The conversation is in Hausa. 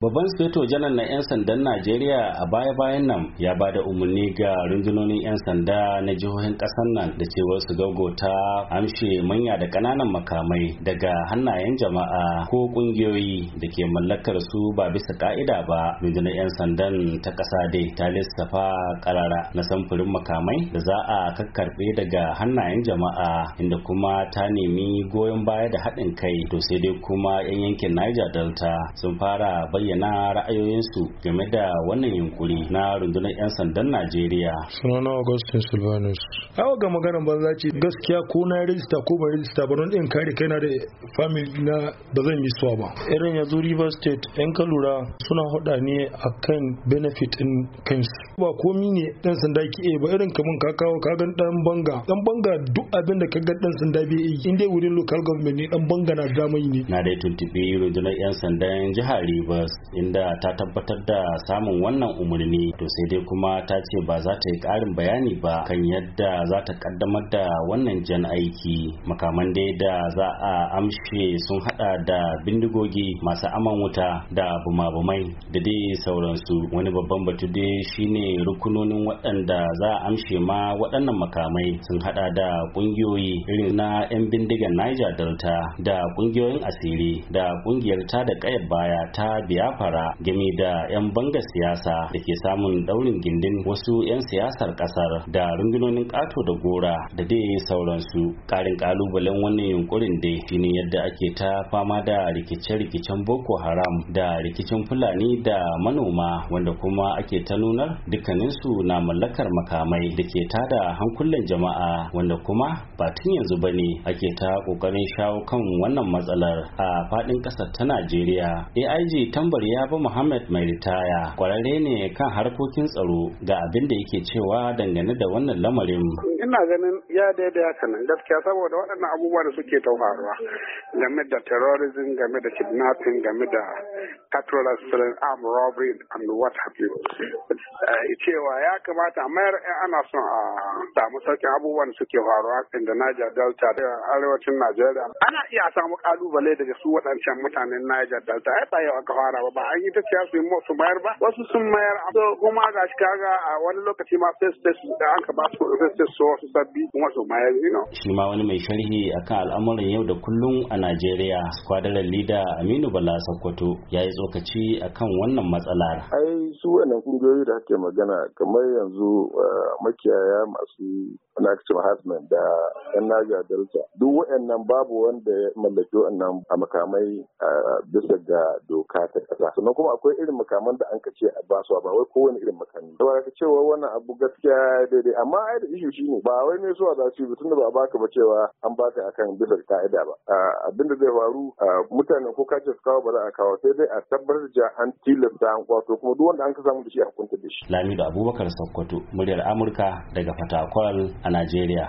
Babban Sufeto janar na 'yan sandan Najeriya a baya-bayan nan ya ba da umarni ga rundunonin 'yan sanda na jihohin ƙasar nan da cewar su gaugota amshe manya da ƙananan makamai daga hannayen jama'a ko ƙungiyoyi da ke mallakar su ba bisa ƙa'ida ba. Rundunar 'yan sandan ta ƙasa dai ta lissafa ƙarara na samfurin makamai da za a kakkarɓe daga hannayen jama'a inda kuma ta nemi goyon baya da haɗin kai to sai dai kuma 'yan yankin Niger Delta sun fara bayyana bayyana ra'ayoyinsu game da wannan yunkuri na rundunar 'yan sandan Najeriya. Sunana Augustin Silvanus. Awa ga maganar banza ce gaskiya ko na rijista ko ba rijista ba don in kare kai na da family na ba zan yi suwa ba. Irin yanzu River State 'yan kalura suna hada ne a kan benefit ɗin kansu. Ba komi ne dan sanda ki ba irin kamun ka kawo ka gan dan banga. Dan banga duk abin da ka ga dan sanda bai yi in wurin local government ne dan banga na damai ne. Na dai tuntubi rundunar 'yan sandan jihar Rivers inda ta tabbatar da samun wannan umarni to sai dai kuma ta ce ba za ta yi ƙarin bayani ba kan yadda za ta kaddamar da wannan jan aiki makaman dai da za a amshe sun hada da bindigogi masu aman wuta da bumabumai da dai sauransu wani babban batu dai shine rukunonin waɗanda za a amshe ma waɗannan makamai sun hada da ƙungiyoyi irin na 'yan bindigan niger delta da ƙungiyoyin asiri da ƙungiyar ta da ƙayar baya ta biya zamfara game da 'yan banga siyasa da ke samun daurin gindin wasu 'yan siyasar kasar da rundunonin ƙato da gora da dai sauransu karin ƙalubalen wannan yunkurin dai shine yadda ake ta fama da rikice-rikicen boko haram da rikicin fulani da manoma wanda kuma ake ta nunar dukkaninsu na mallakar makamai da ke tada hankulan jama'a wanda kuma ba tun yanzu ba ne ake ta ƙoƙarin shawo kan wannan matsalar a faɗin ƙasar ta najeriya aig tambar Riyabu Muhammad mai ritaya kwararre ne kan harkokin tsaro ga abin da yake cewa dangane da wannan lamarin. Ina ganin ya daidai haka nan gaskiya saboda waɗannan abubuwa da suke tauharuwa game da terrorism game da kidnapping game da capital excellence arm robbery and what have you cewa eh, ya kamata mayar ana son a samu sauƙin abubuwan suke faruwa da Niger Delta da arewacin Najeriya ana iya samu kalubale daga su waɗancan mutanen Niger Delta ai ba yau aka fara ba ba an yi ta siyasa su mayar ba wasu sun mayar So kuma ga shi kaga a wani lokaci ma sai su da an ka ba su sai su wasu sabbi kuma su mayar shi ma wani mai sharhi akan al'amuran yau da kullum a Najeriya kwadalar lida Aminu Bala Sokoto ya yi tsokaci akan wannan matsalar. Ai su wannan kungiyoyi da ake magana kamar yanzu eh, makiyaya masu Flagship Hasman da ‘yan Naja Delta. Duk waɗannan babu wanda ya mallaki waɗannan a makamai bisa ga doka ta ƙasa. Sannan kuma akwai irin makaman da an ka ce a basuwa ba wai kowane irin makami. Saboda ka cewa wannan abu gaskiya daidai amma ai da ishu ne. ba wai ne zuwa za su yi tunda ba a baka ba cewa an baka akan bisa ka'ida ba. Abinda zai faru mutane ko kace su kawo ba za a kawo sai dai a tabbatar da an tilasta an kwato kuma duk wanda an ka samu da shi a hukunta da shi. Lamido Abubakar Sokoto muryar Amurka daga Fatakwal a Najeriya.